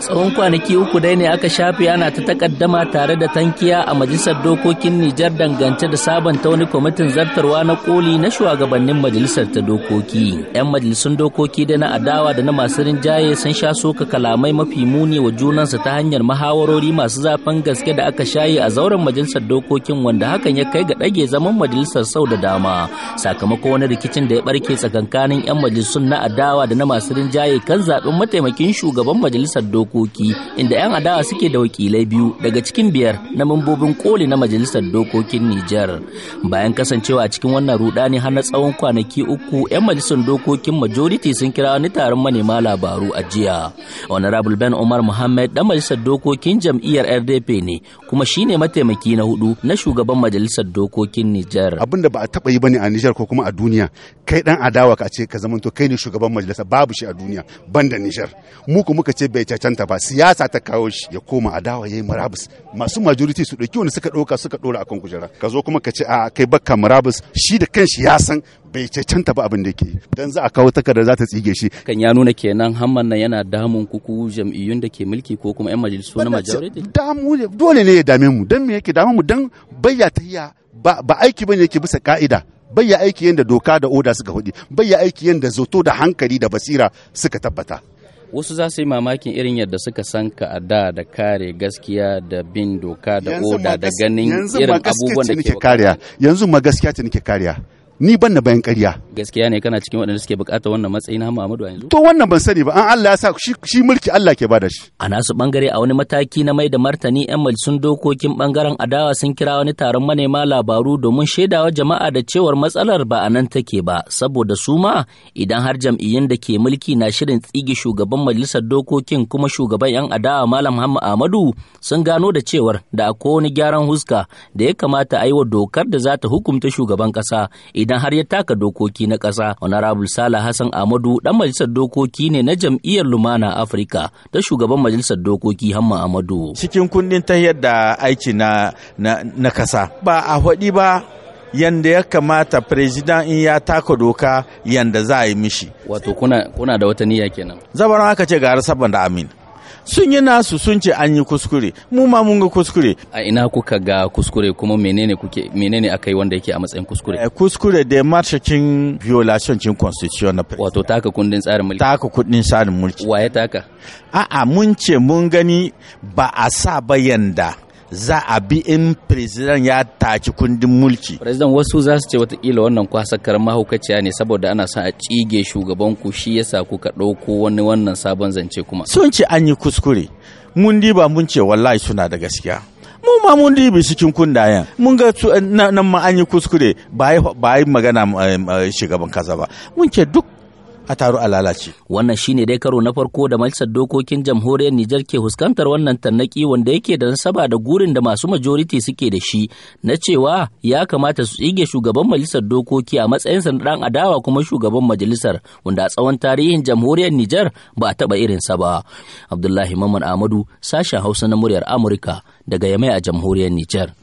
tsawon kwanaki uku dai ne aka shafe ana ta takaddama tare da tankiya a majalisar dokokin nijar dangance da sabanta wani kwamitin zartarwa na koli na shugabannin majalisar ta dokoki yan majalisun dokoki da na adawa da na masu rinjaye sun sha soka kalamai mafi muni wa junansa ta hanyar mahawarori masu zafin gaske da aka shaye a zauren majalisar dokokin wanda hakan ya kai ga ɗage zaman majalisar sau da dama sakamako wani rikicin da ya barke tsakankanin yan majalisun na adawa da na masu rinjaye kan zaɓen mataimakin shugaban majalisar dokoki dokoki inda 'yan adawa suke da wakilai biyu daga cikin biyar na mambobin koli na majalisar dokokin Nijar. Bayan kasancewa cikin wannan rudani har na tsawon kwanaki uku 'yan majalisar dokokin majority sun kira wani taron manema labaru a jiya. Honorable Ben Omar Muhammad dan majalisar dokokin jam'iyyar RDP ne kuma shine mataimaki na hudu na shugaban majalisar dokokin Nijar. Abin da ba a taba yi bane a Nijar ko kuma a duniya kai dan adawa ka ce ka zamanto kai ne shugaban majalisa babu shi a duniya banda Nijar. Mu kuma muka ce bai cancanta ta ba siyasa ta kawo shi ya koma dawa yayi murabus masu majority su dauki wani suka dauka suka dora akan kujera ka zo kuma ka ce a kai bakka murabus shi da kanshi ya san bai cancanta ba abin da yake dan za a kawo takarda za ta tsige shi kan ya nuna kenan hamman nan yana damun kuku jam'iyyun da ke mulki ko kuma yan majalisu na majority damu dole ne ya dame mu dan me yake damu mu dan bayya ta ba ba aiki bane yake bisa ka'ida bayya aiki yadda doka da oda suka hudi bayya aiki yadda zoto da hankali da basira suka tabbata wasu za su yi mamakin irin yadda suka san ka a da da kare gaskiya da bin doka da oda da ganin irin abubuwan da ke kariya yanzu ma gaskiya ce nake kariya ni ban na bayan ƙarya gaskiya ne kana cikin waɗanda suke bukata wannan matsayi na Muhammadu a yanzu to wannan ban sani ba an Allah ya sa shi mulki Allah ke bada shi a nasu bangare a wani mataki na mai da martani yan majalisun dokokin bangaren adawa sun kira wani taron manema labaru domin shaidawa jama'a da cewar matsalar ba a nan take ba saboda su ma idan har jam'iyyun da ke mulki na shirin tsige shugaban majalisar dokokin kuma shugaban yan adawa malam Muhammadu Ahmadu sun gano da cewar da akwai wani gyaran huska da ya kamata a yi wa dokar da za ta hukunta shugaban ƙasa idan har ya taka dokoki na ƙasa. Honorable Sala Hassan Amadu ɗan majalisar dokoki ne na jam'iyyar Lumana Afirka da shugaban majalisar dokoki Hamma Amadu. Cikin kundin ta yadda aiki na, na, na ba a haɗi ba yanda ya kamata president in ya taka doka yanda za a yi mishi. Wato kuna, da wata niyya kenan. Zabaran haka ce ga saban da amin. sun yi nasu sun ce an yi kuskure mu ma mun ga kuskure a ina kuka ga kuskure kuma menene kuke menene aka yi wanda yake a matsayin kuskure eh, kuskure da marshakin violation cin constitution na wato taka kundin tsarin mulki taka kundin tsarin mulki waye taka a'a mun ce mun gani ba a sa bayan da. za a bi in president ya taci kundin mulki president wasu za su ce watakila wannan kwasakar mahaukaciya ne saboda ana sa a cige shugaban ku shi yasa kuka ɗauko wani wannan sabon zance kuma sun ce an yi kuskure mun diba mun ce wallahi suna da gaskiya mu ma mun dibi cikin kundayen mun ga eh, nan ma an yi kuskure ba yi magana eh, eh, shugaban kaza ba mun ce duk a taru a lalace. Wannan shi ne dai karo na farko da majalisar dokokin jamhuriyar Nijar ke fuskantar wannan tarnaki wanda yake da nasaba da gurin da masu majoriti suke da shi na cewa ya kamata su tsige shugaban majalisar dokoki a matsayinsa na dan adawa kuma shugaban majalisar wanda a tsawon tarihin jamhuriyar Nijar ba a taba irinsa ba. Abdullahi Mamman Ahmadu sashen Hausa na muryar Amurka daga Yamai a jamhuriyar Nijar.